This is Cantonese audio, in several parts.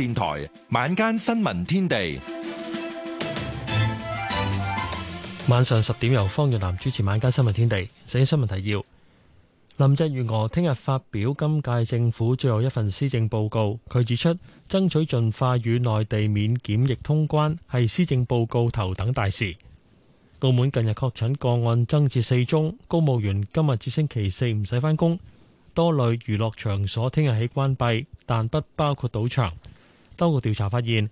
電台晚間新聞天地，晚上十點由方若南主持。晚間新聞天地，先新聞提要。林鄭月娥聽日發表今屆政府最後一份施政報告，佢指出爭取盡快與內地免檢疫通關係施政報告頭等大事。澳門近日確診個案增至四宗，公務員今日至星期四唔使返工，多類娛樂場所聽日起關閉，但不包括賭場。多個調查發現，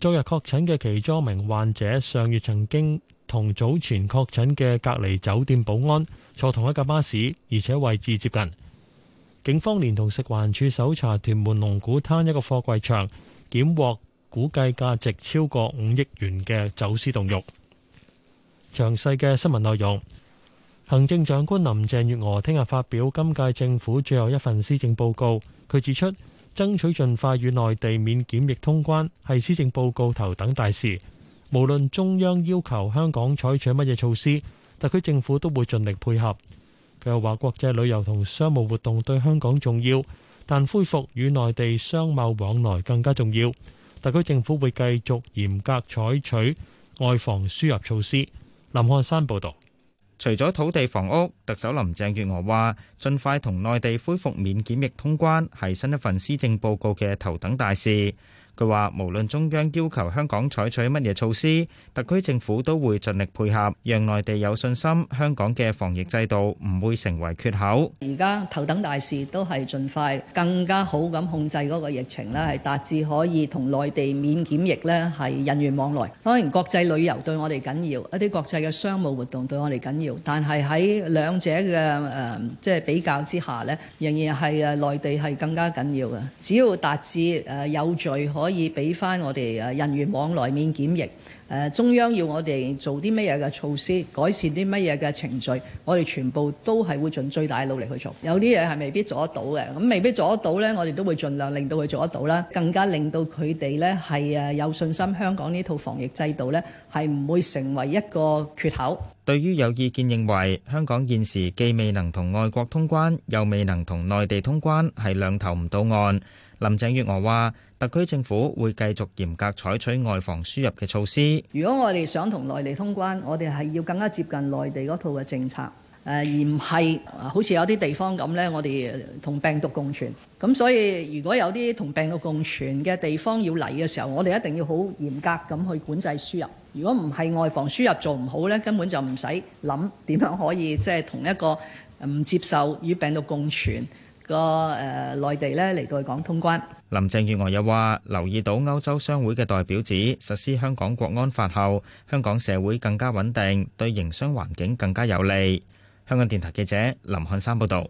昨日確診嘅其中一名患者上月曾經同早前確診嘅隔離酒店保安坐同一架巴士，而且位置接近。警方連同食環署搜查屯門龍鼓灘一個貨櫃場，檢獲估計價值超過五億元嘅走私凍肉。詳細嘅新聞內容，行政長官林鄭月娥聽日發表今屆政府最後一份施政報告，佢指出。爭取盡快與內地免檢疫通關係施政報告頭等大事，無論中央要求香港採取乜嘢措施，特區政府都會盡力配合。佢又話，國際旅遊同商務活動對香港重要，但恢復與內地商貿往來更加重要。特區政府會繼續嚴格採取外防輸入措施。林漢山報道。除咗土地房屋，特首林鄭月娥話盡快同內地恢復免檢疫通關，係新一份施政報告嘅頭等大事。佢話：無論中央要求香港採取乜嘢措施，特區政府都會盡力配合，讓內地有信心香港嘅防疫制度唔會成為缺口。而家頭等大事都係盡快更加好咁控制嗰個疫情咧，係達至可以同內地免檢疫咧，係人員往來。當然國際旅遊對我哋緊要，一啲國際嘅商務活動對我哋緊要，但係喺兩者嘅誒即係比較之下咧，仍然係誒內地係更加緊要嘅。只要達至誒有序可。可以俾翻我哋人員往來免檢疫。誒中央要我哋做啲乜嘢嘅措施，改善啲乜嘢嘅程序，我哋全部都係會盡最大努力去做。有啲嘢係未必做得到嘅，咁未必做得到呢，我哋都會盡量令到佢做得到啦，更加令到佢哋呢係誒有信心，香港呢套防疫制度呢係唔會成為一個缺口。對於有意見認為香港現時既未能同外國通關，又未能同內地通關，係兩頭唔到岸。林鄭月娥話：特區政府會繼續嚴格採取外防輸入嘅措施。如果我哋想同內地通關，我哋係要更加接近內地嗰套嘅政策，誒，而唔係好似有啲地方咁咧，我哋同病毒共存。咁所以如果有啲同病毒共存嘅地方要嚟嘅時候，我哋一定要好嚴格咁去管制輸入。如果唔係外防輸入做唔好咧，根本就唔使諗點樣可以即係、就是、同一個唔接受與病毒共存。個誒內地咧，嚟到港通關。林鄭月娥又話留意到歐洲商會嘅代表指，實施香港國安法後，香港社會更加穩定，對營商環境更加有利。香港電台記者林漢山報道。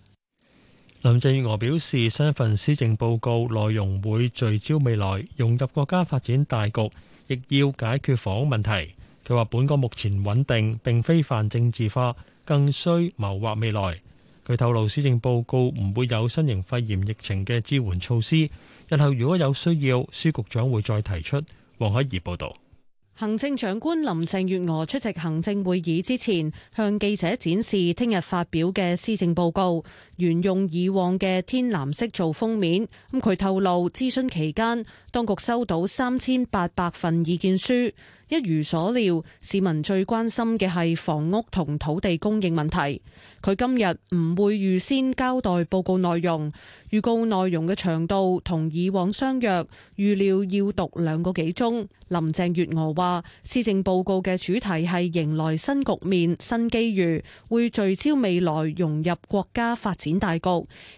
林鄭月娥表示，新一份施政報告內容會聚焦未來，融入國家發展大局，亦要解決房屋問題。佢話：本港目前穩定並非泛政治化，更需謀劃未來。佢透露施政報告唔會有新型肺炎疫情嘅支援措施，日後如果有需要，司局長會再提出。黃海怡報道。行政長官林鄭月娥出席行政會議之前，向記者展示聽日發表嘅施政報告，沿用以往嘅天藍色做封面。咁佢透露，諮詢期間當局收到三千八百份意見書。一如所料，市民最關心嘅係房屋同土地供應問題，佢今日唔會預先交代報告內容，預告內容嘅長度同以往相若，預料要讀兩個幾鐘，林鄭月娥話施政報告嘅主題係迎來新局面、新機遇，會聚焦未來融入國家發展大局，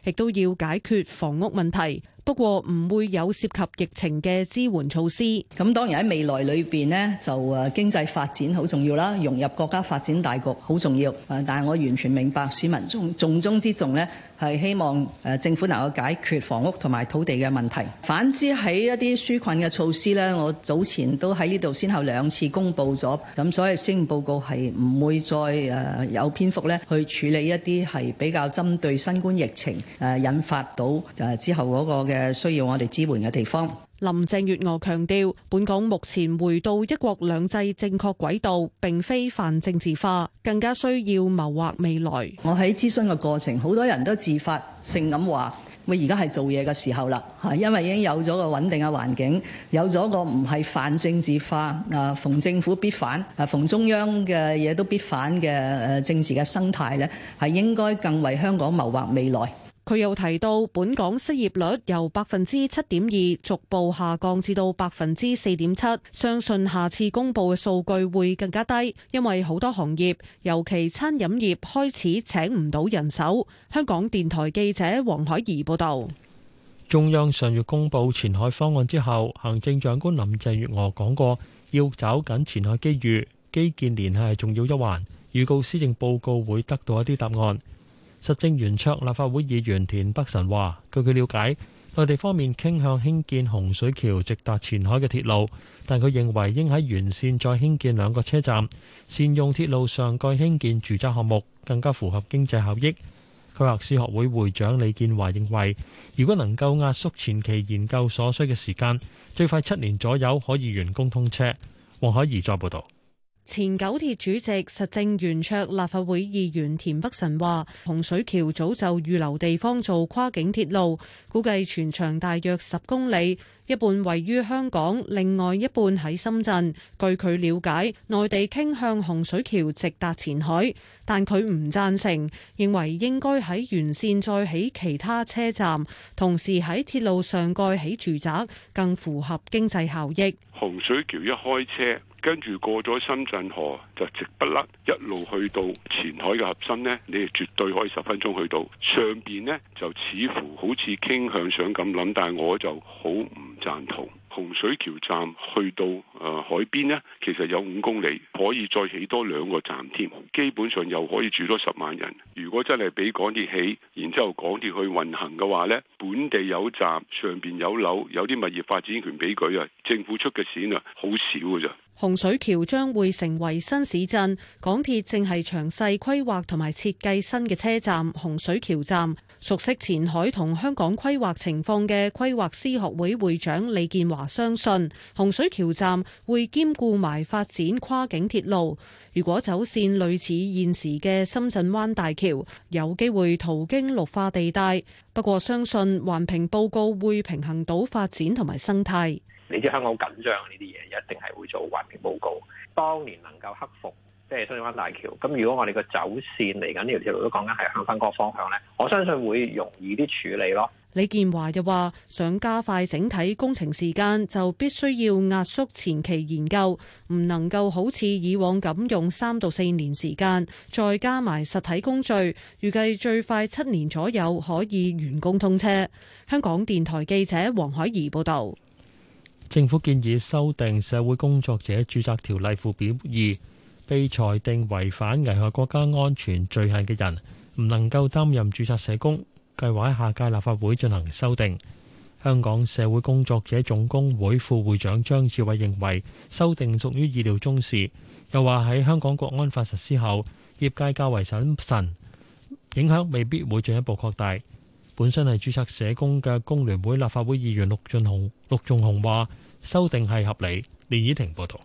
亦都要解決房屋問題。不過唔會有涉及疫情嘅支援措施。咁當然喺未來裏邊呢，就啊經濟發展好重要啦，融入國家發展大局好重要。但係我完全明白市民重，重中之重呢。係希望誒政府能夠解決房屋同埋土地嘅問題。反之喺一啲紓困嘅措施咧，我早前都喺呢度先後兩次公布咗，咁所以施政報告係唔會再誒有篇幅咧去處理一啲係比較針對新冠疫情誒引發到誒之後嗰個嘅需要我哋支援嘅地方。林鄭月娥強調，本港目前回到一國兩制正確軌道，並非泛政治化，更加需要謀劃未來。我喺諮詢嘅過程，好多人都自發性咁話，我而家係做嘢嘅時候啦，嚇，因為已經有咗個穩定嘅環境，有咗個唔係泛政治化啊，逢政府必反啊，逢中央嘅嘢都必反嘅誒政治嘅生態咧，係應該更為香港謀劃未來。佢又提到，本港失業率由百分之七點二逐步下降至到百分之四點七，相信下次公布嘅數據會更加低，因為好多行業，尤其餐飲業開始請唔到人手。香港電台記者黃海怡報道。中央上月公布前海方案之後，行政長官林鄭月娥講過，要找緊前海機遇，基建聯繫係重要一環。預告施政報告會得到一啲答案。實政圓桌立法會議員田北辰話，據佢了解，內地方面傾向興建洪水橋直達前海嘅鐵路，但佢認為應喺沿線再興建兩個車站，善用鐵路上蓋興建住宅項目，更加符合經濟效益。規劃師學會會長李建華認為，如果能夠壓縮前期研究所需嘅時間，最快七年左右可以完工通車。黃海怡再報道。前九鐵主席、實政圓桌立法會議員田北辰話：洪水橋早就預留地方做跨境鐵路，估計全長大約十公里，一半位於香港，另外一半喺深圳。據佢了解，內地傾向洪水橋直達前海，但佢唔贊成，認為應該喺沿線再起其他車站，同時喺鐵路上蓋起住宅，更符合經濟效益。洪水橋一開車。跟住過咗深圳河就直不甩，一路去到前海嘅核心呢，你哋絕對可以十分鐘去到上邊呢，就似乎好似傾向上咁諗，但係我就好唔贊同。洪水橋站去到誒、呃、海邊呢，其實有五公里可以再起多兩個站添，基本上又可以住多十萬人。如果真係俾港鐵起，然之後港鐵去運行嘅話呢，本地有站，上邊有樓，有啲物業發展權俾佢啊，政府出嘅錢啊，好少嘅咋。洪水橋將會成為新市鎮，港鐵正係詳細規劃同埋設計新嘅車站——洪水橋站。熟悉前海同香港規劃情況嘅規劃師學會會長李建華相信，洪水橋站會兼顧埋發展跨境鐵路。如果走綫類似現時嘅深圳灣大橋，有機會途經綠化地帶。不過，相信環評報告會平衡到發展同埋生態。你知香港好緊張呢啲嘢，一定係會做環評報告。當年能夠克服，即係西灣大橋，咁如果我哋個走綫嚟緊呢條鐵路都講緊係向翻個方向咧，我相信會容易啲處理咯。李建華又話，想加快整體工程時間，就必須要壓縮前期研究，唔能夠好似以往咁用三到四年時間，再加埋實體工序，預計最快七年左右可以完工通車，香港電台記者黃海怡報道。政府建議修訂《社會工作者註冊條例》附表二，被裁定違反危害國家安全罪行嘅人唔能夠擔任註冊社工。計劃喺下屆立法會進行修訂。香港社會工作者總工會副會長張志偉認為修訂屬於意料中事，又話喺香港國安法實施後，業界較為審慎，影響未必會進一步擴大。本身係註冊社工嘅工聯會立法會議員陸俊雄、陸仲雄話，修訂係合理。李綺婷報道。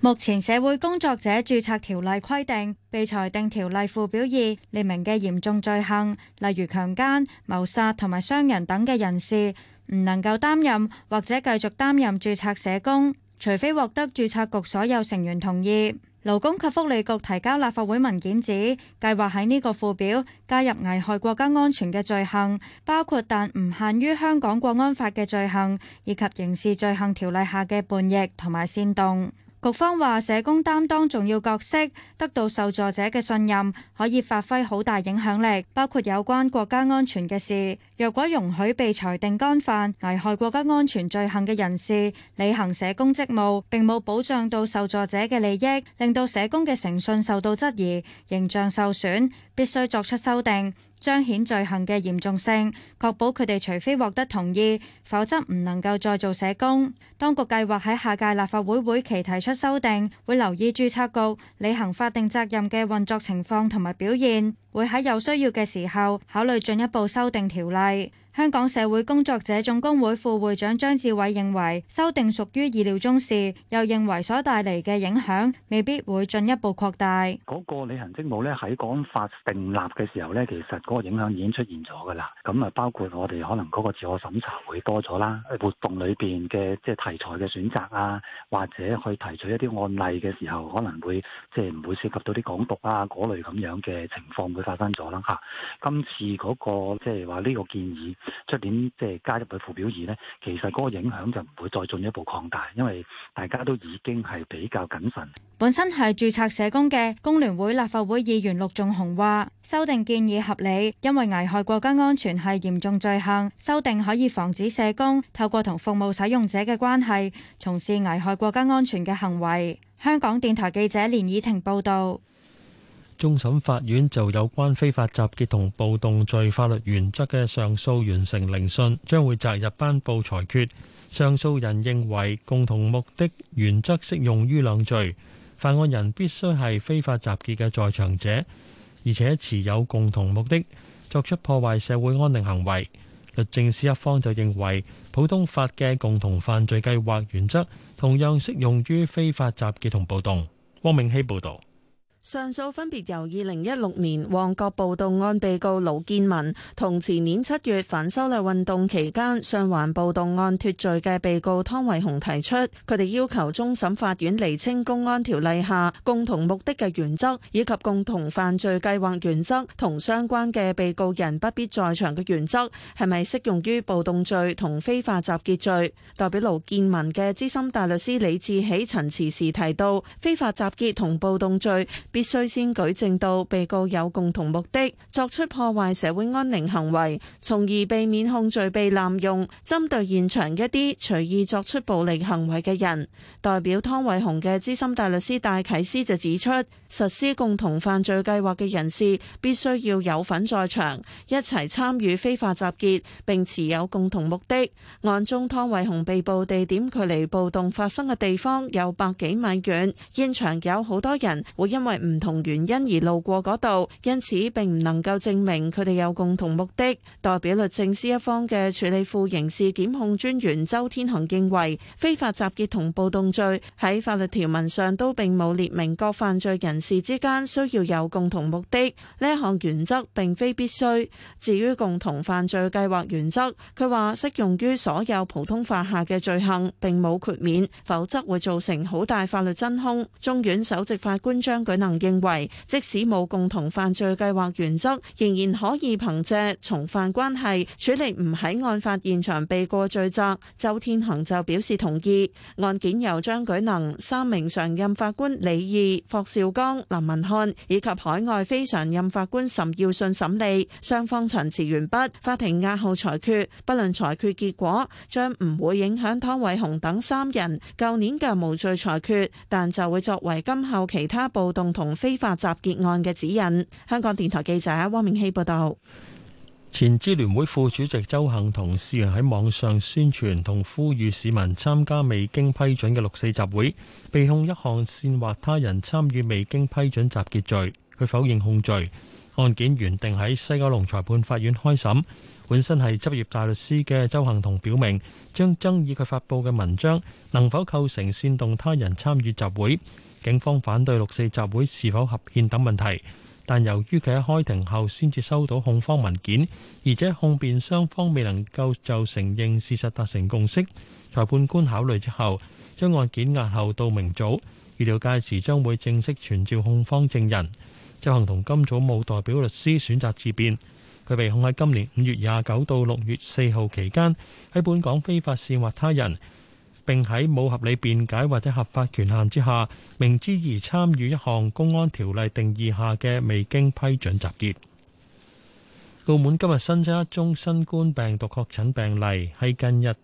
目前社會工作者註冊條例規定，被裁定條例附表二列明嘅嚴重罪行，例如強姦、謀殺同埋傷人等嘅人士，唔能夠擔任或者繼續擔任註冊社工，除非獲得註冊局所有成員同意。勞工及福利局提交立法會文件指，計劃喺呢個附表加入危害國家安全嘅罪行，包括但唔限於香港國安法嘅罪行，以及刑事罪行條例下嘅叛逆同埋煽動。局方話，社工擔當重要角色，得到受助者嘅信任，可以發揮好大影響力，包括有關國家安全嘅事。若果容許被裁定干犯危害國家安全罪行嘅人士履行社工職務，並冇保障到受助者嘅利益，令到社工嘅誠信受到質疑，形象受損，必須作出修訂。彰顯罪行嘅嚴重性，確保佢哋除非獲得同意，否則唔能夠再做社工。當局計劃喺下屆立法會會期提出修訂，會留意註冊局履行法定責任嘅運作情況同埋表現，會喺有需要嘅時候考慮進一步修訂條例。香港社會工作者總工會副會長張志偉認為，修訂屬於意料中事，又認為所帶嚟嘅影響未必會進一步擴大。嗰個履行職務咧喺講法訂立嘅時候咧，其實嗰個影響已經出現咗噶啦。咁啊，包括我哋可能嗰個自我審查會多咗啦，活動裏邊嘅，即係題材嘅選擇啊，或者去提取一啲案例嘅時候，可能會即係唔會涉及到啲港獨啊嗰類咁樣嘅情況，會發生咗啦。吓，今次嗰、嗰個即係話呢個建議。出點即係加入嘅副表二呢，其實嗰個影響就唔會再進一步擴大，因為大家都已經係比較謹慎。本身係注冊社工嘅工聯會立法會議員陸仲雄話：修訂建議合理，因為危害國家安全係嚴重罪行，修訂可以防止社工透過同服務使用者嘅關係從事危害國家安全嘅行為。香港電台記者連以婷報道。終審法院就有關非法集結同暴動罪法律原則嘅上訴完成聆訊，將會擇日頒布裁決。上訴人認為共同目的原則適用於兩罪，犯案人必須係非法集結嘅在場者，而且持有共同目的，作出破壞社會安定行為。律政司一方就認為普通法嘅共同犯罪計劃原則同樣適用於非法集結同暴動。汪明熙報導。上訴分別由二零一六年旺角暴動案被告盧建文同前年七月反修例運動期間上環暴動案脫罪嘅被告湯偉雄提出，佢哋要求終審法院厘清《公安條例》下共同目的嘅原則，以及共同犯罪計劃原則同相關嘅被告人不必在場嘅原則係咪適用於暴動罪同非法集結罪。代表盧建文嘅資深大律師李志喜陳詞時提到，非法集結同暴動罪，必須先舉證到被告有共同目的，作出破壞社會安寧行為，從而避免控罪被濫用，針對現場一啲隨意作出暴力行為嘅人。代表湯偉雄嘅資深大律師戴啟思就指出。實施共同犯罪計劃嘅人士必須要有份在場，一齊參與非法集結並持有共同目的。案中湯偉雄被捕地點距離暴動發生嘅地方有百幾米遠，現場有好多人會因為唔同原因而路過嗰度，因此並唔能夠證明佢哋有共同目的。代表律政司一方嘅助理副刑事檢控專員周天行認為，非法集結同暴動罪喺法律條文上都並冇列明各犯罪人事之間需要有共同目的，呢一項原則並非必須。至於共同犯罪計劃原則，佢話適用於所有普通法下嘅罪行，並冇豁免，否則會造成好大法律真空。中院首席法官張舉能認為，即使冇共同犯罪計劃原則，仍然可以憑借從犯關係處理唔喺案發現場避過罪責。周天恒就表示同意。案件由張舉能、三名常任法官李義、霍兆剛、林文翰以及海外非常任法官岑耀信審理，雙方陳詞完畢，法庭押後裁決。不論裁決結果，將唔會影響湯偉雄等三人舊年嘅無罪裁決，但就會作為今後其他暴動同非法集結案嘅指引。香港電台記者汪明希報道。前支聯會副主席鄒幸彤涉嫌喺網上宣傳同呼籲市民參加未經批准嘅六四集會，被控一項煽惑他人參與未經批准集結罪。佢否認控罪，案件原定喺西九龍裁判法院開審。本身係執業大律師嘅鄒幸彤表明，將爭議佢發佈嘅文章能否構成煽動他人參與集會，警方反對六四集會是否合憲等問題。但由於佢喺開庭後先至收到控方文件，而且控辯雙方未能夠就承認事實達成共識，裁判官考慮之後，將案件押後到明早，預料屆時將會正式傳召控方證人。周恒同金祖冇代表律師，選擇自辯。佢被控喺今年五月廿九到六月四號期間，喺本港非法煽惑他人並喺冇合理辯解或者合法權限之下，明知而參與一項公安條例定義下嘅未經批准集結。澳門今日新增一宗新冠病毒確診病例，係近日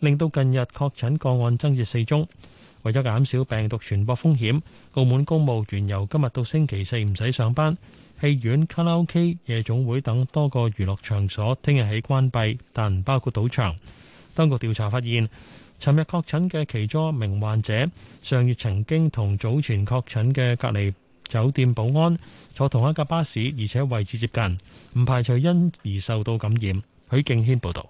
令到近日確診個案增至四宗。為咗減少病毒傳播風險，澳門公務員由今日到星期四唔使上班。戲院、卡拉 OK、夜總會等多個娛樂場所聽日起關閉，但唔包括賭場。當局調查發現，尋日確診嘅其中一名患者，上月曾經同早前確診嘅隔離酒店保安坐同一架巴士，而且位置接近，唔排除因而受到感染。許敬軒報導。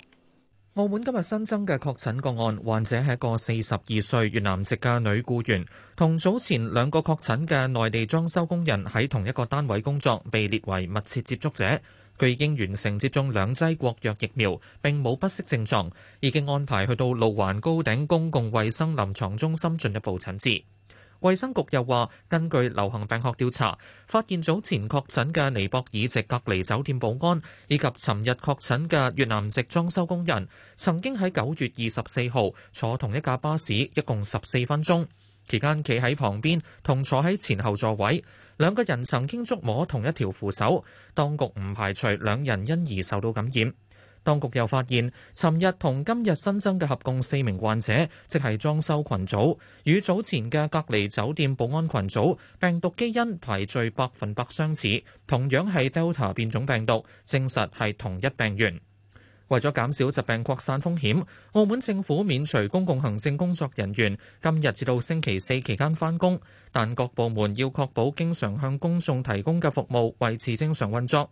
澳門今日新增嘅確診個案，患者係一個四十二歲越南籍嘅女僱員，同早前兩個確診嘅內地裝修工人喺同一個單位工作，被列為密切接觸者。佢已經完成接種兩劑國藥疫苗，並冇不適症狀，已經安排去到路環高頂公共衛生臨床中心進一步診治。衛生局又話，根據流行病學調查，發現早前確診嘅尼泊爾籍隔離酒店保安以及尋日確診嘅越南籍裝修工人，曾經喺九月二十四號坐同一架巴士，一共十四分鐘。期間，企喺旁邊同坐喺前後座位兩個人曾經觸摸同一條扶手，當局唔排除兩人因而受到感染。當局又發現，尋日同今日新增嘅合共四名患者，即係裝修群組與早前嘅隔離酒店保安群組病毒基因排序百分百相似，同樣係 Delta 變種病毒，證實係同一病源。為咗減少疾病擴散風險，澳門政府免除公共行政工作人員今日至到星期四期間返工，但各部門要確保經常向公眾提供嘅服務維持正常運作。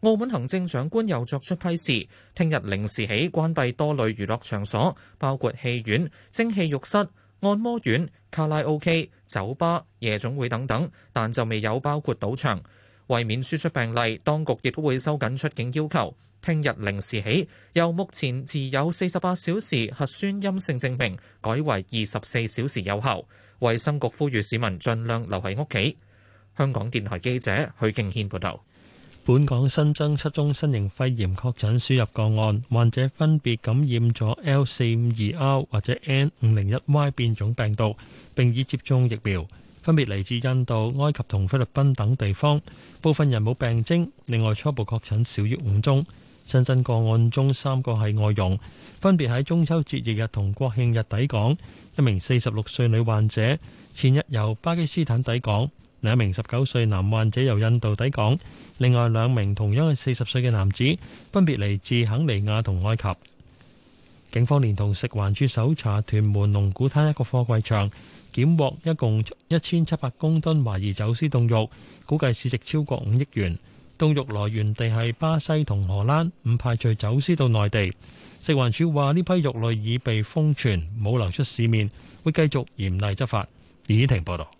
澳門行政長官又作出批示，聽日零時起關閉多類娛樂場所，包括戲院、蒸汽浴室、按摩院、卡拉 O.K. 卡拉 OK、酒吧、夜總會等等，但就未有包括賭場。為免輸出病例，當局亦都會收緊出境要求。聽日零時起，由目前持有四十八小時核酸陰性證明改為二十四小時有效。衛生局呼籲市民盡量留喺屋企。香港電台記者許敬軒報道。本港新增七宗新型肺炎確診輸入個案，患者分別感染咗 L 四五二 R 或者 N 五零一 Y 變種病毒，並已接種疫苗，分別嚟自印度、埃及同菲律賓等地方。部分人冇病徵，另外初步確診少於五宗。新增個案中三個係外傭，分別喺中秋節翌日同國慶日抵港。一名四十六歲女患者前日由巴基斯坦抵港，另一名十九歲男患者由印度抵港。另外兩名同樣係四十歲嘅男子，分別嚟自肯尼亞同埃及。警方連同食環署搜查屯門龍鼓灘一個貨櫃場，檢獲一共一千七百公噸懷疑走私凍肉，估計市值超過五億元。凍肉來源地係巴西同荷蘭，唔排除走私到內地。食環署話呢批肉類已被封存，冇流出市面，會繼續嚴厲執法。李婷報道。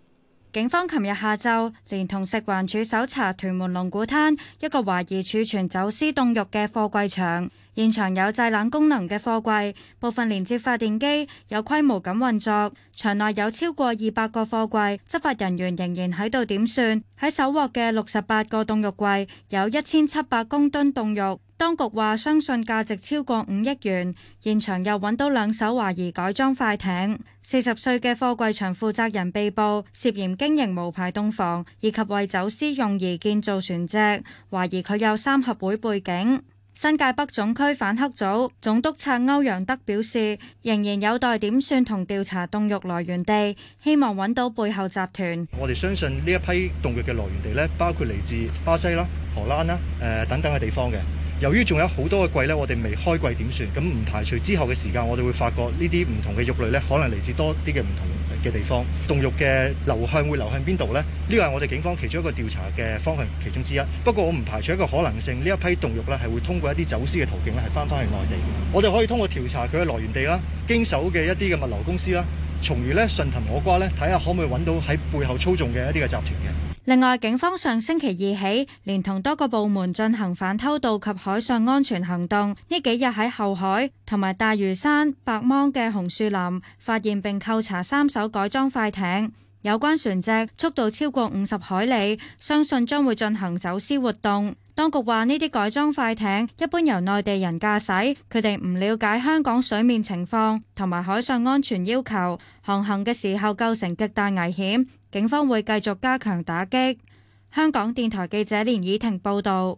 警方琴日下晝，連同食環署搜查屯門龍鼓灘一個懷疑儲存走私凍肉嘅貨櫃場，現場有製冷功能嘅貨櫃，部分連接發電機，有規模噉運作。場內有超過二百個貨櫃，執法人員仍然喺度點算，喺搜獲嘅六十八個凍肉櫃，有一千七百公噸凍肉。當局話相信價值超過五億元，現場又揾到兩艘懷疑改裝快艇。四十歲嘅貨櫃場負責人被捕，涉嫌經營無牌凍房以及為走私用而建造船隻，懷疑佢有三合會背景。新界北總區反黑組總督察歐陽德表示，仍然有待點算同調查凍肉來源地，希望揾到背後集團。我哋相信呢一批凍肉嘅來源地咧，包括嚟自巴西啦、荷蘭啦、誒等等嘅地方嘅。由於仲有好多嘅櫃呢，我哋未開櫃點算？咁唔排除之後嘅時間，我哋會發覺呢啲唔同嘅肉類呢，可能嚟自多啲嘅唔同嘅地方。凍肉嘅流向會流向邊度呢？呢、呢個係我哋警方其中一個調查嘅方向其中之一。不過我唔排除一個可能性，呢一批凍肉呢係會通過一啲走私嘅途徑呢係翻返去內地。我哋可以通過調查佢嘅來源地啦，經手嘅一啲嘅物流公司啦，從而呢順藤摸瓜呢，睇下可唔可以揾到喺背後操縱嘅一啲嘅集團嘅。另外，警方上星期二起，連同多個部門進行反偷渡及海上安全行動。呢幾日喺後海同埋大嶼山白芒嘅紅樹林，發現並扣查三艘改裝快艇。有關船隻速度超過五十海里，相信將會進行走私活動。當局話：呢啲改裝快艇一般由內地人駕駛，佢哋唔了解香港水面情況同埋海上安全要求，航行嘅時候構成極大危險。警方會繼續加強打擊。香港電台記者連以婷報道，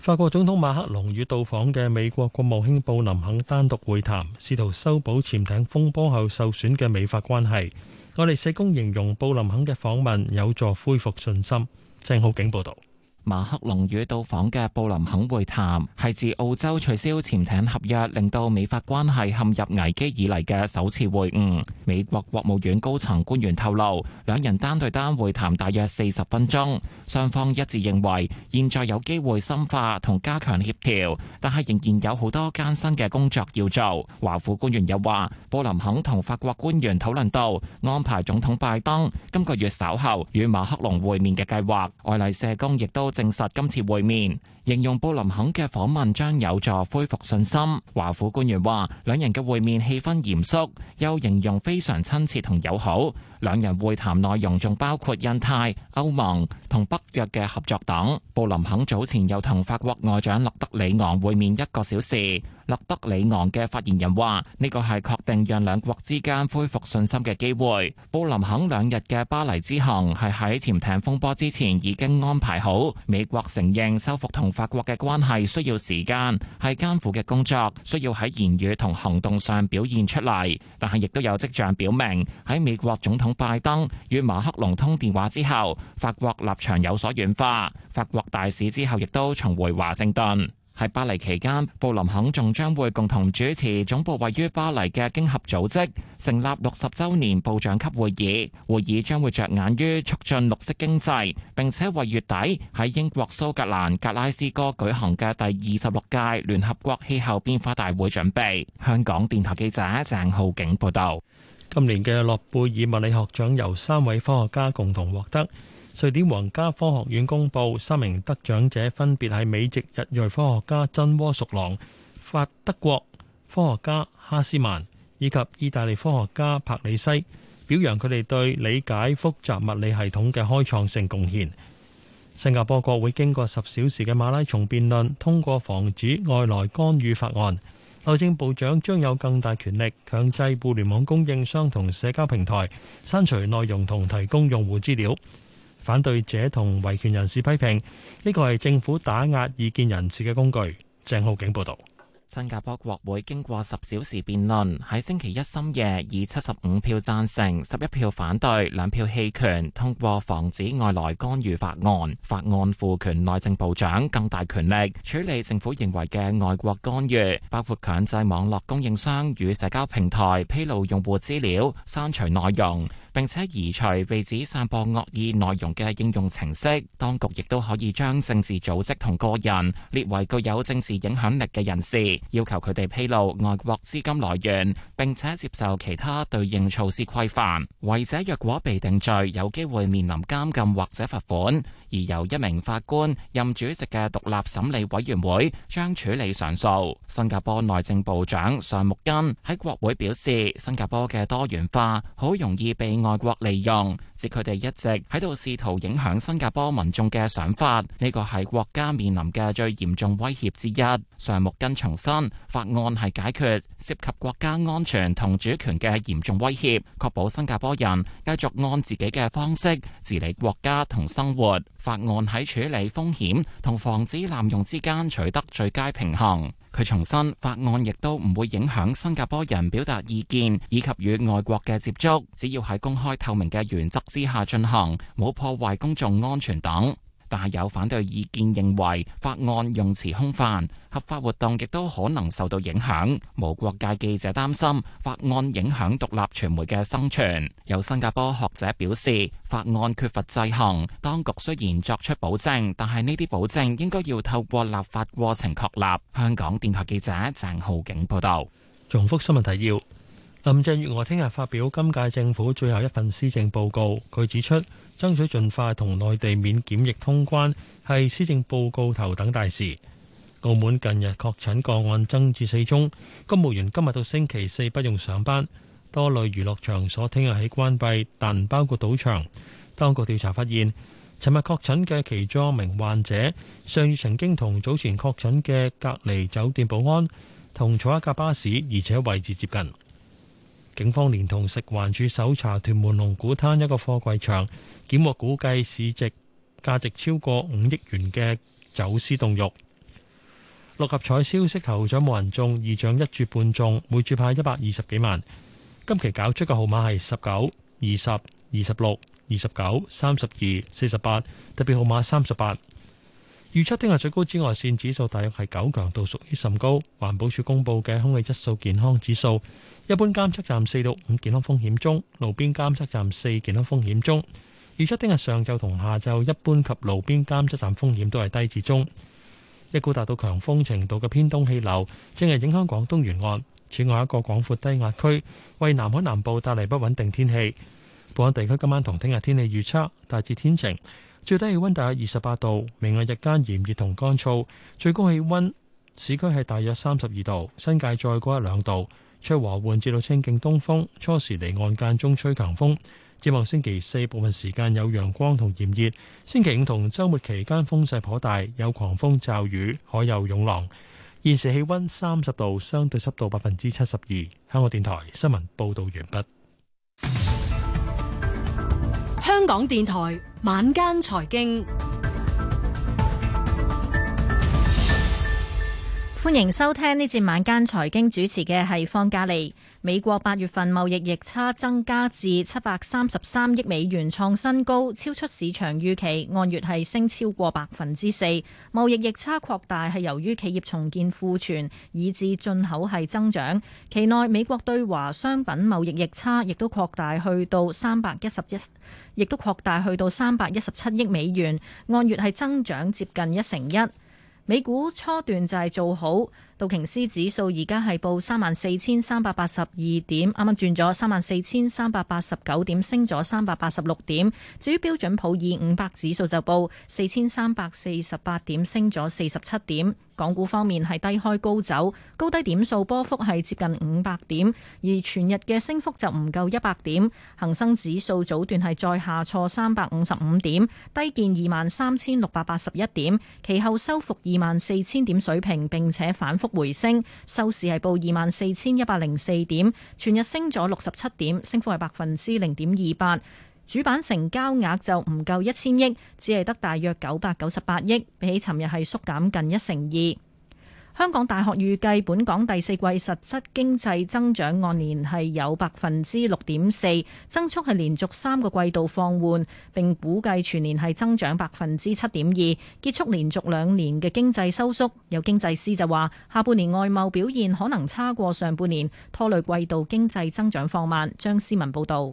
法國總統馬克龍與到訪嘅美國國務卿布林肯單獨會談，試圖修補潛艇風波後受損嘅美法關係。我哋社工形容布林肯嘅訪問有助恢復信心。鄭浩景報導。馬克龍與到訪嘅布林肯會談，係自澳洲取消潛艇合約令到美法關係陷入危機以嚟嘅首次會晤。美國國務院高層官員透露，兩人單對單會談大約四十分鐘，雙方一致認為現在有機會深化同加強協調，但係仍然有好多艱辛嘅工作要做。華府官員又話，布林肯同法國官員討論到安排總統拜登今個月稍後與馬克龍會面嘅計劃，外麗社工亦都，證實今次會面。形容布林肯嘅訪問將有助恢復信心，華府官員話：兩人嘅會面氣氛嚴肅，又形容非常親切同友好。兩人會談內容仲包括印太、歐盟同北約嘅合作等。布林肯早前又同法國外長勒德里昂會面一個小時，勒德里昂嘅發言人話：呢個係確定讓兩國之間恢復信心嘅機會。布林肯兩日嘅巴黎之行係喺潛艇風波之前已經安排好。美國承認修復同法國嘅關係需要時間，係艱苦嘅工作，需要喺言語同行動上表現出嚟。但係亦都有跡象表明，喺美國總統拜登與馬克龍通電話之後，法國立場有所軟化。法國大使之後亦都重回華盛頓。喺巴黎期間，布林肯仲將會共同主持總部位於巴黎嘅經合組織成立六十週年部長級會議。會議將會着眼於促進綠色經濟，並且為月底喺英國蘇格蘭格拉斯哥舉行嘅第二十六屆聯合國氣候變化大會準備。香港電台記者鄭浩景報道。今年嘅諾貝爾物理學獎由三位科學家共同獲得。瑞典皇家科學院公佈三名得獎者，分別係美籍日裔科學家真鍋淑郎、法德國科學家哈斯曼以及意大利科學家帕里西，表揚佢哋對理解複雜物理系統嘅開創性貢獻。新加坡國會經過十小時嘅馬拉松辯論，通過防止外來干預法案，內政部長將有更大權力強制互聯網供應商同社交平台刪除內容同提供用戶資料。反對者同維權人士批評，呢個係政府打壓意見人士嘅工具。鄭浩景報道，新加坡國會經過十小時辯論，喺星期一深夜以七十五票贊成、十一票反對、兩票棄權，通過防止外來干預法案。法案賦權內政部長更大權力，處理政府認為嘅外國干預，包括強制網絡供應商與社交平台披露用戶資料、刪除內容。並且移除被指散播惡意內容嘅應用程式，當局亦都可以將政治組織同個人列為具有政治影響力嘅人士，要求佢哋披露外國資金來源，並且接受其他對應措施規範，違者若果被定罪，有機會面臨監禁或者罰款。而由一名法官任主席嘅獨立審理委員會將處理上訴。新加坡內政部長尚穆根喺國會表示，新加坡嘅多元化好容易被外國利用，即佢哋一直喺度試圖影響新加坡民眾嘅想法。呢個係國家面臨嘅最嚴重威脅之一。尚穆根重申，法案係解決涉及國家安全同主權嘅嚴重威脅，確保新加坡人繼續按自己嘅方式治理國家同生活。法案喺處理風險同防止濫用之間取得最佳平衡。佢重申，法案亦都唔會影響新加坡人表達意見，以及與外國嘅接觸，只要喺公開透明嘅原則之下進行，冇破壞公眾安全等。但係有反對意見認為法案用詞空泛，合法活動亦都可能受到影響，無國界記者擔心法案影響獨立傳媒嘅生存。有新加坡學者表示，法案缺乏制衡，當局雖然作出保證，但係呢啲保證應該要透過立法過程確立。香港電台記者鄭浩景報道。重複新聞提要。林鄭月娥聽日發表今屆政府最後一份施政報告，佢指出爭取盡快同內地免檢疫通關係施政報告頭等大事。澳門近日確診個案增至四宗，公務員今日到星期四不用上班，多類娛樂場所聽日起關閉，但不包括賭場。當局調查發現，尋日確診嘅其中一名患者，上月曾經同早前確診嘅隔離酒店保安同坐一架巴士，而且位置接近。警方連同食環署搜查屯門龍鼓灘一個貨櫃場，檢獲估計市值價值超過五億元嘅走私凍肉。六合彩消息：頭獎冇人中，二獎一注半中，每注派一百二十幾萬。今期搞出嘅號碼係十九、二十、二十六、二十九、三十二、四十八，特別號碼三十八。預測聽日最高紫外線指數大約係九強度，屬於甚高。環保署公布嘅空氣質素健康指數，一般監測站四到五，健康風險中；路邊監測站四，健康風險中。預測聽日上晝同下晝，一般及路邊監測站風險都係低至中。一股達到強風程度嘅偏東氣流正係影響廣東沿岸，此外一個廣闊低壓區為南海南部帶嚟不穩定天氣。本港地區今晚同聽日天氣預測大致天晴。最低氣溫大約二十八度，明日日間炎熱同乾燥，最高氣溫市區係大約三十二度，新界再高一兩度。吹和緩至到清勁東風，初時離岸間中吹強風。展望星期四部分時間有陽光同炎熱，星期五同週末期間風勢頗大，有狂風驟雨，海有湧浪。現時氣溫三十度，相對濕度百分之七十二。香港電台新聞報道完畢。香港電台晚間財經，歡迎收聽呢節晚間財經，主持嘅係方嘉利。美國八月份貿易逆差增加至七百三十三億美元，創新高，超出市場預期，按月係升超過百分之四。貿易逆差擴大係由於企業重建庫存，以致進口係增長。期內美國對華商品貿易逆差亦都擴大去到三百一十一，亦都擴大去到三百一十七億美元，按月係增長接近一成一。美股初段就係做好。道瓊斯指數而家係報三萬四千三百八十二點，啱啱轉咗三萬四千三百八十九點，升咗三百八十六點。至於標準普爾五百指數就報四千三百四十八點，升咗四十七點。港股方面係低開高走，高低點數波幅係接近五百點，而全日嘅升幅就唔夠一百點。恒生指數早段係再下挫三百五十五點，低見二萬三千六百八十一點，其後收復二萬四千點水平，並且反覆回升，收市係報二萬四千一百零四點，全日升咗六十七點，升幅係百分之零點二八。主板成交額就唔夠一千億，只係得大約九百九十八億，比起尋日係縮減近一成二。香港大學預計本港第四季實質經濟增長按年係有百分之六點四，增速係連續三個季度放緩，並估計全年係增長百分之七點二，結束連續兩年嘅經濟收縮。有經濟師就話，下半年外貿表現可能差過上半年，拖累季度經濟增長放慢。張思文報導。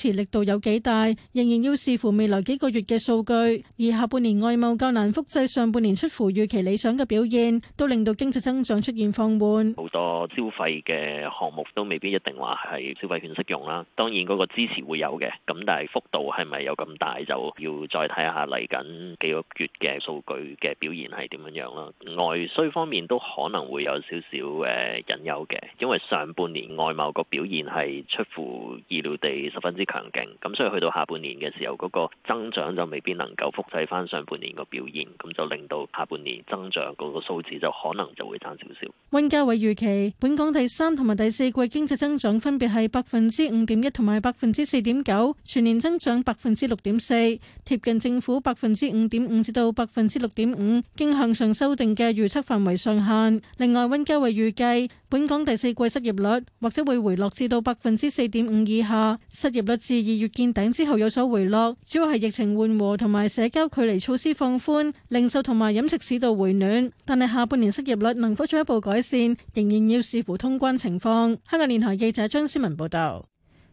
持力度有幾大，仍然要視乎未來幾個月嘅數據。而下半年外貿較難複製上半年出乎預期理想嘅表現，都令到經濟增長出現放緩。好多消費嘅項目都未必一定話係消費券適用啦。當然嗰個支持會有嘅，咁但係幅度係咪有咁大，就要再睇下嚟緊幾個月嘅數據嘅表現係點樣樣啦。外需方面都可能會有少少誒隱憂嘅，因為上半年外貿個表現係出乎意料地十分之強勁，咁所以去到下半年嘅時候，嗰個增長就未必能夠複製翻上半年個表現，咁就令到下半年增長嗰個數字就可能就會差少少。温家衛預期，本港第三同埋第四季經濟增長分別係百分之五點一，同埋百分之四點九，全年增長百分之六點四，貼近政府百分之五點五至到百分之六點五，經向上修訂嘅預測範圍上限。另外，温家衛預計，本港第四季失業率或者會回落至到百分之四點五以下，失業率。至二月見頂之後有所回落，主要係疫情緩和同埋社交距離措施放寬，零售同埋飲食市道回暖。但係下半年失業率能否進一步改善，仍然要視乎通關情況。香港電台記者張思文報道，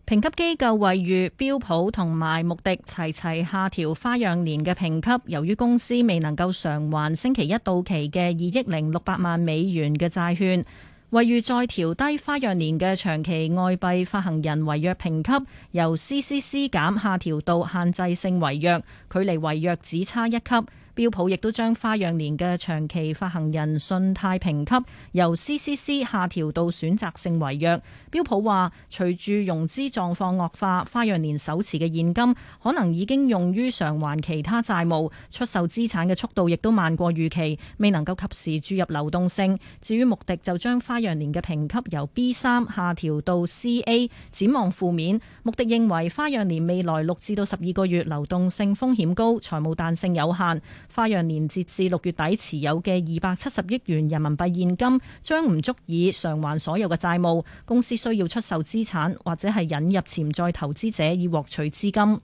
評級機構惠譽、標普同埋穆迪齊齊下調花樣年嘅評級，由於公司未能夠償還星期一到期嘅二億零六百萬美元嘅債券。惠譽再調低花樣年嘅長期外幣發行人違約評級，由 CCC 減下調到限制性違約，距離違約只差一級。標普亦都將花樣年嘅長期發行人信貸評級由 CCC 下調到選擇性違約。標普話，隨住融資狀況惡化，花樣年手持嘅現金可能已經用於償還其他債務，出售資產嘅速度亦都慢過預期，未能夠及時注入流動性。至於穆迪就將花樣年嘅評級由 B 三下調到 CA，展望負面。穆迪認為，花樣年未來六至到十二個月流動性風險高，財務彈性有限。花樣年截至六月底持有嘅二百七十億元人民幣現金將唔足以償還所有嘅債務，公司需要出售資產或者係引入潛在投資者以獲取資金。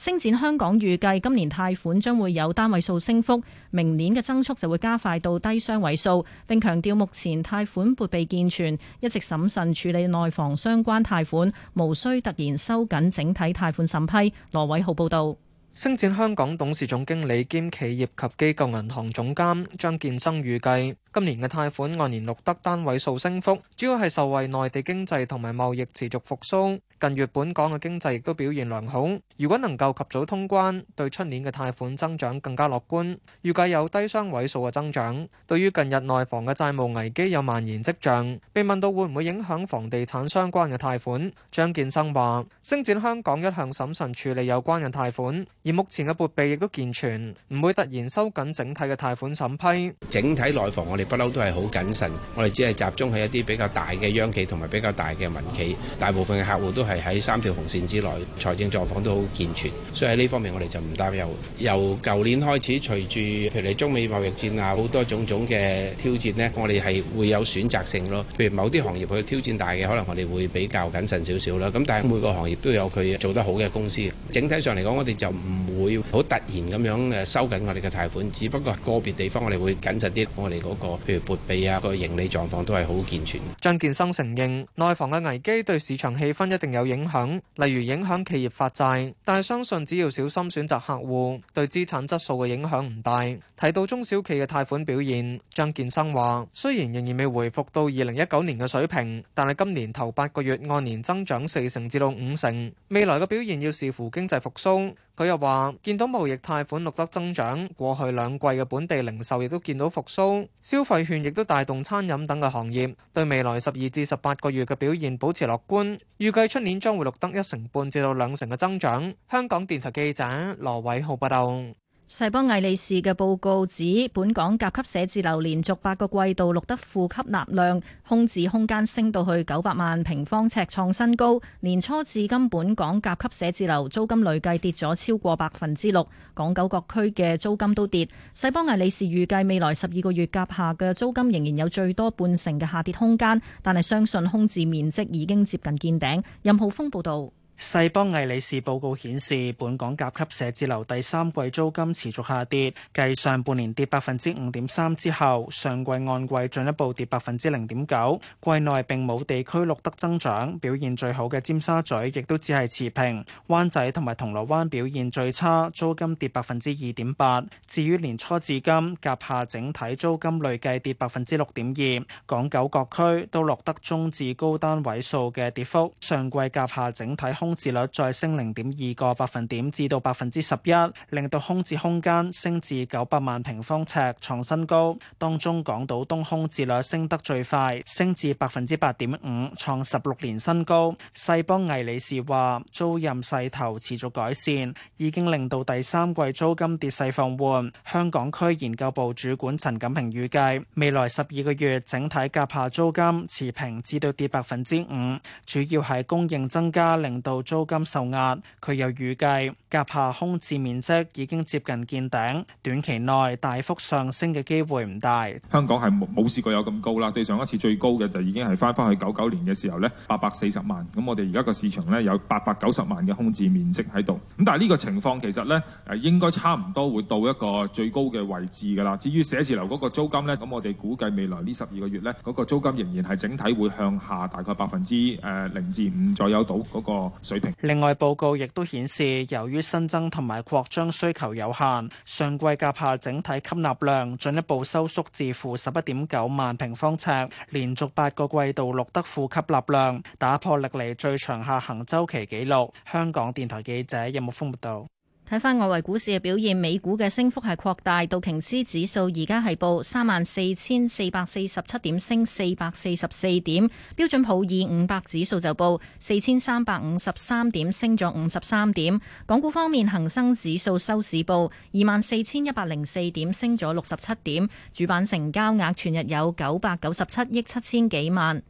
星展香港預計今年貸款將會有單位數升幅，明年嘅增速就會加快到低雙位數。並強調目前貸款撥備健全，一直審慎處理內房相關貸款，無需突然收緊整體貸款審批。羅偉浩報導。昇展香港董事總經理兼企業及機構銀行總監張建生預計，今年嘅貸款按年錄得單位數升幅，主要係受惠內地經濟同埋貿易持續復甦，近月本港嘅經濟亦都表現良好，如果能夠及早通關，對出年嘅貸款增長更加樂觀，預計有低雙位數嘅增長。對於近日內房嘅債務危機有蔓延跡象，被問到會唔會影響房地產相關嘅貸款，張建生話，星展香港一向審慎處理有關嘅貸款。而目前嘅撥備亦都健全，唔會突然收緊整體嘅貸款審批。整體內房我哋不嬲都係好謹慎，我哋只係集中喺一啲比較大嘅央企同埋比較大嘅民企。大部分嘅客戶都係喺三條紅線之內，財政狀況都好健全，所以喺呢方面我哋就唔擔憂。由舊年開始隨，隨住譬如你中美貿易戰啊，好多種種嘅挑戰咧，我哋係會有選擇性咯。譬如某啲行業佢挑戰大嘅，可能我哋會比較謹慎少少啦。咁但係每個行業都有佢做得好嘅公司。整體上嚟講，我哋就唔。唔會好突然咁樣誒收緊我哋嘅貸款，只不過個別地方我哋會謹慎啲。我哋嗰個譬如撥備啊，個盈利狀況都係好健全。張建生承認內房嘅危機對市場氣氛一定有影響，例如影響企業發債，但係相信只要小心選擇客戶，對資產質素嘅影響唔大。提到中小企嘅貸款表現，張建生話雖然仍然未回復到二零一九年嘅水平，但係今年頭八個月按年增長四成至到五成，未來嘅表現要視乎經濟復甦。佢又話：見到貿易貸款錄得增長，過去兩季嘅本地零售亦都見到復甦，消費券亦都帶動餐飲等嘅行業，對未來十二至十八個月嘅表現保持樂觀，預計出年將會錄得一成半至到兩成嘅增長。香港電台記者羅偉浩報道。世邦魏理仕嘅報告指，本港甲級寫字樓連續八個季度錄得負吸納量，空置空間升到去九百萬平方尺，創新高。年初至今，本港甲級寫字樓租金累計跌咗超過百分之六，港九各區嘅租金都跌。世邦魏理仕預計未來十二個月甲廈嘅租金仍然有最多半成嘅下跌空間，但係相信空置面積已經接近見頂。任浩峰報道。世邦魏理仕報告顯示，本港甲級寫字樓第三季租金持續下跌，繼上半年跌百分之五點三之後，上季按季進一步跌百分之零點九。季內並冇地區錄得增長，表現最好嘅尖沙咀亦都只係持平。灣仔同埋銅鑼灣表現最差，租金跌百分之二點八。至於年初至今，甲下整體租金累計跌百分之六點二。港九各區都錄得中至高單位數嘅跌幅，上季甲下整體空空置率再升零點二個百分點至到百分之十一，令到空置空間升至九百萬平方尺，創新高。當中港島東空置率升得最快，升至百分之八點五，創十六年新高。世邦魏理仕話：租賃勢頭持續改善，已經令到第三季租金跌勢放緩。香港區研究部主管陳錦平預計，未來十二個月整體甲廈租金持平至到跌百分之五，主要係供應增加令到。租金受壓，佢又預計甲廈空置面積已經接近見頂，短期內大幅上升嘅機會唔大。香港係冇冇試過有咁高啦，對上一次最高嘅就已經係翻翻去九九年嘅時候呢，八百四十萬。咁我哋而家個市場呢，有八百九十萬嘅空置面積喺度。咁但係呢個情況其實呢，誒應該差唔多會到一個最高嘅位置噶啦。至於寫字樓嗰個租金呢，咁我哋估計未來呢十二個月呢，嗰個租金仍然係整體會向下大概百分之誒零至五左右度嗰個。另外，報告亦都顯示，由於新增同埋擴張需求有限，上季甲廈整體吸納量進一步收縮至負十一點九萬平方尺，連續八個季度錄得負吸納量，打破歷嚟最長下行週期紀錄。香港電台記者任木風報道。睇翻外圍股市嘅表現，美股嘅升幅係擴大，道瓊斯指數而家係報三萬四千四百四十七點，升四百四十四點。標準普爾五百指數就報四千三百五十三點，升咗五十三點。港股方面，恒生指數收市報二萬四千一百零四點，升咗六十七點。主板成交額全日有九百九十七億七千幾萬。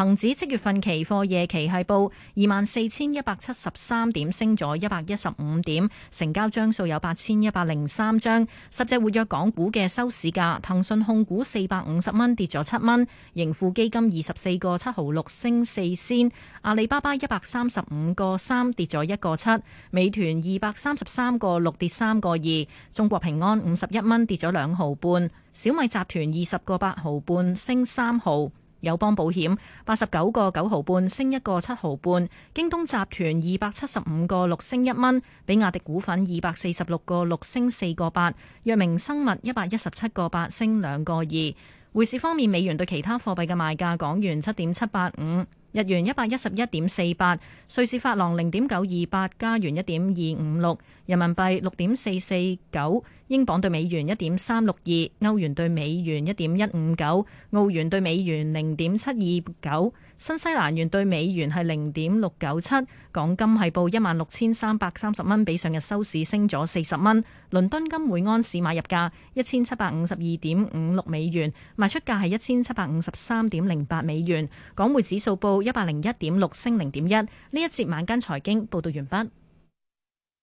恒指即月份期貨夜期係報二萬四千一百七十三點，升咗一百一十五點，成交張數有八千一百零三張。十隻活躍港股嘅收市價，騰訊控股四百五十蚊跌咗七蚊，盈富基金二十四個七毫六升四仙，阿里巴巴一百三十五個三跌咗一個七，美團二百三十三個六跌三個二，中國平安五十一蚊跌咗兩毫半，小米集團二十個八毫半升三毫。友邦保險八十九個九毫半升一個七毫半，京東集團二百七十五個六升一蚊，比亞迪股份二百四十六個六升四個八，藥明生物一百一十七個八升兩個二。匯市方面，美元對其他貨幣嘅賣價，港元七點七八五。日元一百一十一點四八，瑞士法郎零點九二八，加元一點二五六，人民幣六點四四九，英鎊兌美元一點三六二，歐元兌美元一點一五九，澳元兌美元零點七二九。新西蘭元對美元係零點六九七，港金係報一萬六千三百三十蚊，比上日收市升咗四十蚊。倫敦金每安士買入價一千七百五十二點五六美元，賣出價係一千七百五十三點零八美元。港匯指數報 6, 一百零一點六，升零點一。呢一節晚間財經報道完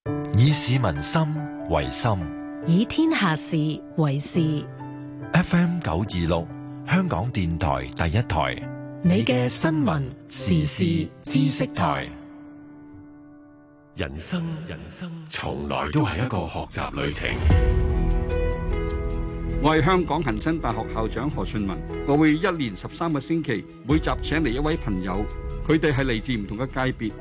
畢。以市民心為心，以天下事為事。FM 九二六，香港電台第一台。你嘅新聞時事知識台，人生，人生從來都係一個學習旅程。我係香港恒生大學校長何順文，我會一連十三個星期，每集請嚟，一位朋友，佢哋係嚟自唔同嘅界別。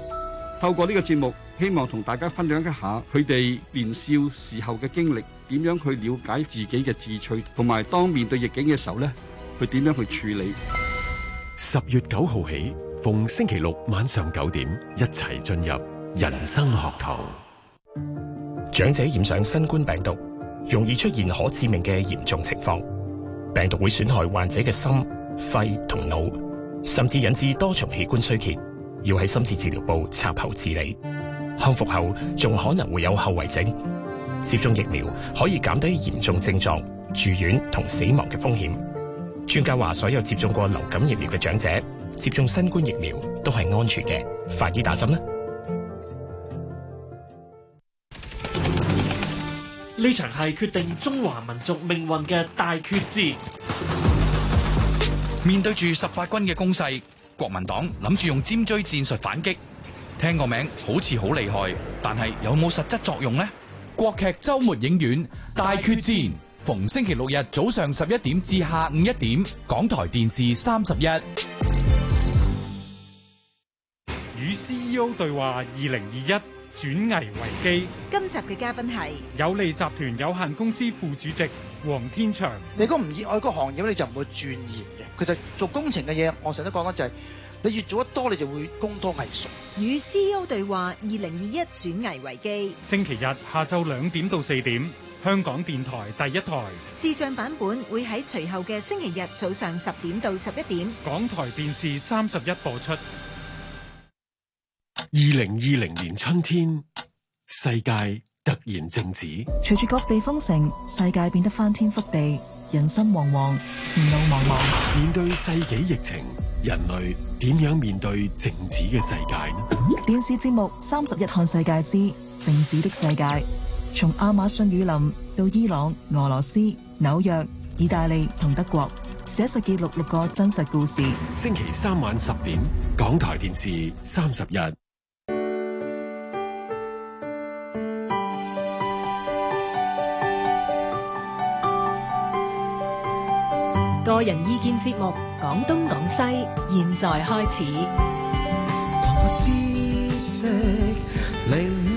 透過呢個節目，希望同大家分享一下佢哋年少時候嘅經歷，點樣去了解自己嘅志趣，同埋當面對逆境嘅時候呢，佢點樣去處理。十月九號起，逢星期六晚上九點，一齊進入人生學堂。長者染上新冠病毒，容易出現可致命嘅嚴重情況，病毒會損害患者嘅心、肺同腦，甚至引致多重器官衰竭，要喺深切治療部插喉治理。康復後仲可能會有後遺症。接種疫苗可以減低嚴重症狀、住院同死亡嘅風險。專家話：所有接種過流感疫苗嘅長者接種新冠疫苗都係安全嘅。快啲打針啦！呢場係決定中華民族命運嘅大決戰。面對住十八軍嘅攻勢，國民黨諗住用尖錐戰術反擊。聽個名好似好厲害，但係有冇實質作用呢？國劇周末影院大決戰。逢星期六日早上十一點至下午一點，港台電視三十一。與 CEO 對話二零二一轉危為機。今集嘅嘉賓係有利集團有限公司副主席黃天祥。你如果唔熱愛嗰個行業，你就唔會鑽研嘅。其實做工程嘅嘢，我成日都講嘅，就係你越做得多，你就會功多藝熟。與 CEO 對話二零二一轉危為機。星期日下晝兩點到四點。香港電台第一台視像版本會喺隨後嘅星期日早上十點到十一點，港台電視三十一播出。二零二零年春天，世界突然靜止。隨住各地封城，世界變得翻天覆地，人心惶惶，前路茫茫。面對世紀疫情，人類點樣面對靜止嘅世界呢？ 電視節目《三十一看世界之靜止的世界》。從亞馬遜雨林到伊朗、俄羅斯、紐約、意大利同德國，寫實紀錄六個真實故事。星期三晚十點，港台電視三十一。個人意見節目，講東講西，現在開始。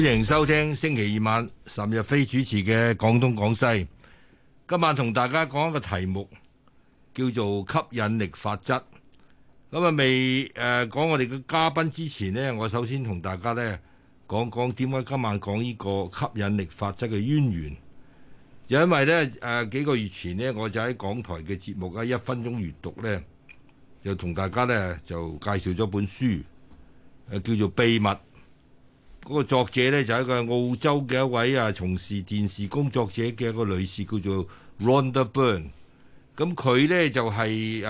歡迎收聽星期二晚岑日飛主持嘅《講東講西》。今晚同大家講一個題目，叫做吸引力法則。咁啊，未、嗯、誒、呃、講我哋嘅嘉賓之前呢，我首先同大家呢講講點解今晚講呢個吸引力法則嘅淵源。就因為呢誒、呃，幾個月前呢，我就喺港台嘅節目咧，一分鐘閱讀呢，就同大家呢就介紹咗本書、呃，叫做《秘密》。嗰個作者呢，就係、是、一個澳洲嘅一位啊，從事電視工作者嘅一個女士，叫做 Rhonda Byrne。咁佢呢就係、是啊。